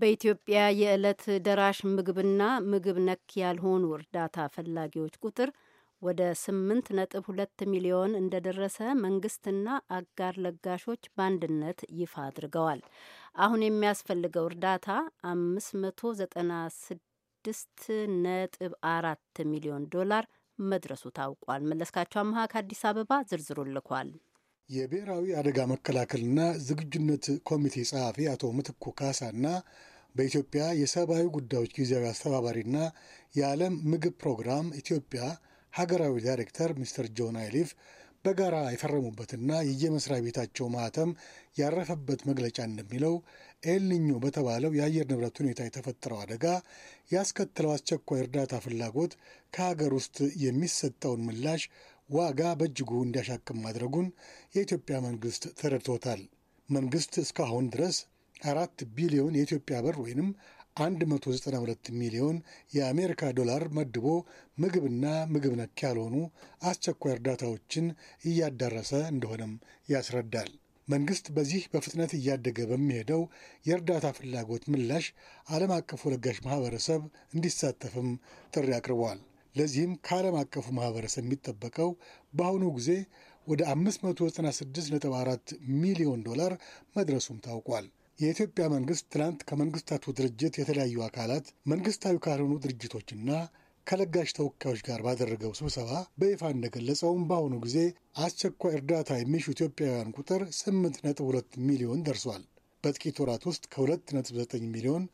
በኢትዮጵያ የዕለት ደራሽ ምግብና ምግብ ነክ ያልሆኑ እርዳታ ፈላጊዎች ቁጥር ወደ ነጥብ ሁለት ሚሊዮን እንደደረሰ መንግስትና አጋር ለጋሾች በአንድነት ይፋ አድርገዋል። አሁን የሚያስፈልገው እርዳታ አራት ሚሊዮን ዶላር መድረሱ ታውቋል። መለስካቸው አምሃ ከአዲስ አበባ ዝርዝሩ ልኳል። የብሔራዊ አደጋ መከላከልና ዝግጁነት ኮሚቴ ጸሐፊ አቶ ምትኩ ካሳና በኢትዮጵያ የሰብአዊ ጉዳዮች ጊዜያዊ አስተባባሪና የዓለም ምግብ ፕሮግራም ኢትዮጵያ ሀገራዊ ዳይሬክተር ሚስተር ጆን አይሊፍ በጋራ የፈረሙበትና የየመስሪያ ቤታቸው ማህተም ያረፈበት መግለጫ እንደሚለው ኤልኒኞ በተባለው የአየር ንብረት ሁኔታ የተፈጠረው አደጋ ያስከተለው አስቸኳይ እርዳታ ፍላጎት ከሀገር ውስጥ የሚሰጠውን ምላሽ ዋጋ በእጅጉ እንዲያሻቅም ማድረጉን የኢትዮጵያ መንግስት ተረድቶታል። መንግስት እስካሁን ድረስ አራት ቢሊዮን የኢትዮጵያ ብር ወይም 192 ሚሊዮን የአሜሪካ ዶላር መድቦ ምግብና ምግብ ነክ ያልሆኑ አስቸኳይ እርዳታዎችን እያዳረሰ እንደሆነም ያስረዳል። መንግስት በዚህ በፍጥነት እያደገ በሚሄደው የእርዳታ ፍላጎት ምላሽ ዓለም አቀፉ ለጋሽ ማህበረሰብ እንዲሳተፍም ጥሪ አቅርቧል። ለዚህም ከዓለም አቀፉ ማህበረሰብ የሚጠበቀው በአሁኑ ጊዜ ወደ 596.4 ሚሊዮን ዶላር መድረሱም ታውቋል። የኢትዮጵያ መንግስት ትናንት ከመንግስታቱ ድርጅት የተለያዩ አካላት፣ መንግስታዊ ካልሆኑ ድርጅቶችና ከለጋሽ ተወካዮች ጋር ባደረገው ስብሰባ በይፋ እንደገለጸውም በአሁኑ ጊዜ አስቸኳይ እርዳታ የሚሹ ኢትዮጵያውያን ቁጥር 8.2 ሚሊዮን ደርሷል። በጥቂት ወራት ውስጥ ከ2.9 ሚሊዮን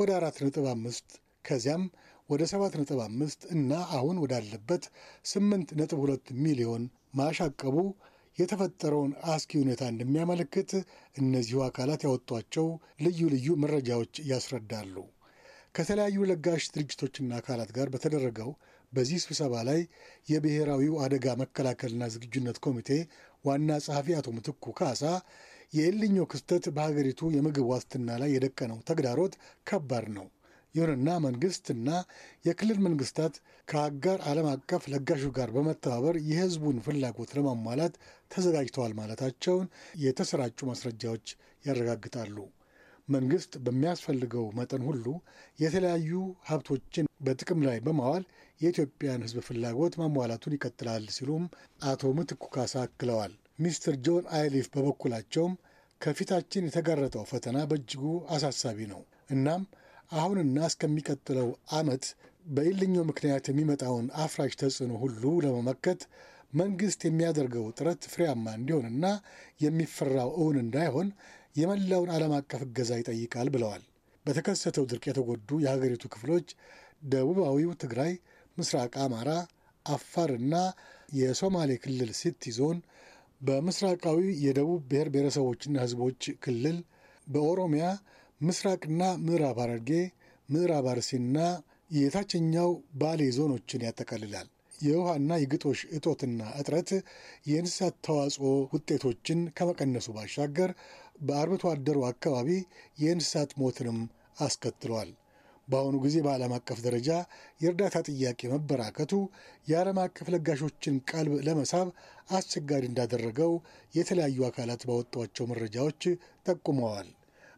ወደ 4.5 ከዚያም ወደ 7.5 እና አሁን ወዳለበት 8.2 ሚሊዮን ማሻቀቡ የተፈጠረውን አስኪ ሁኔታ እንደሚያመለክት እነዚሁ አካላት ያወጧቸው ልዩ ልዩ መረጃዎች ያስረዳሉ። ከተለያዩ ለጋሽ ድርጅቶችና አካላት ጋር በተደረገው በዚህ ስብሰባ ላይ የብሔራዊው አደጋ መከላከልና ዝግጁነት ኮሚቴ ዋና ጸሐፊ አቶ ምትኩ ካሳ የኤልኞ ክስተት በሀገሪቱ የምግብ ዋስትና ላይ የደቀነው ተግዳሮት ከባድ ነው ይሁንና መንግስትና የክልል መንግስታት ከአጋር ዓለም አቀፍ ለጋሹ ጋር በመተባበር የህዝቡን ፍላጎት ለማሟላት ተዘጋጅተዋል ማለታቸውን የተሰራጩ ማስረጃዎች ያረጋግጣሉ። መንግስት በሚያስፈልገው መጠን ሁሉ የተለያዩ ሀብቶችን በጥቅም ላይ በማዋል የኢትዮጵያን ህዝብ ፍላጎት ማሟላቱን ይቀጥላል ሲሉም አቶ ምትኩ ካሳ አክለዋል። ሚስትር ጆን አይሊፍ በበኩላቸውም ከፊታችን የተጋረጠው ፈተና በእጅጉ አሳሳቢ ነው እናም አሁንና እስከሚቀጥለው ዓመት በኢልኞ ምክንያት የሚመጣውን አፍራሽ ተጽዕኖ ሁሉ ለመመከት መንግስት የሚያደርገው ጥረት ፍሬያማ እንዲሆንና የሚፈራው እውን እንዳይሆን የመላውን ዓለም አቀፍ እገዛ ይጠይቃል ብለዋል። በተከሰተው ድርቅ የተጎዱ የሀገሪቱ ክፍሎች ደቡባዊው ትግራይ፣ ምስራቅ አማራ፣ አፋርና የሶማሌ ክልል ሲቲ ዞን፣ በምስራቃዊ የደቡብ ብሔር ብሔረሰቦችና ህዝቦች ክልል፣ በኦሮሚያ ምስራቅና ምዕራብ ሐረርጌ፣ ምዕራብ አርሲና የታችኛው ባሌ ዞኖችን ያጠቃልላል። የውሃና የግጦሽ እጦትና እጥረት የእንስሳት ተዋጽኦ ውጤቶችን ከመቀነሱ ባሻገር በአርብቶ አደሩ አካባቢ የእንስሳት ሞትንም አስከትሏል። በአሁኑ ጊዜ በዓለም አቀፍ ደረጃ የእርዳታ ጥያቄ መበራከቱ የዓለም አቀፍ ለጋሾችን ቀልብ ለመሳብ አስቸጋሪ እንዳደረገው የተለያዩ አካላት ባወጧቸው መረጃዎች ጠቁመዋል።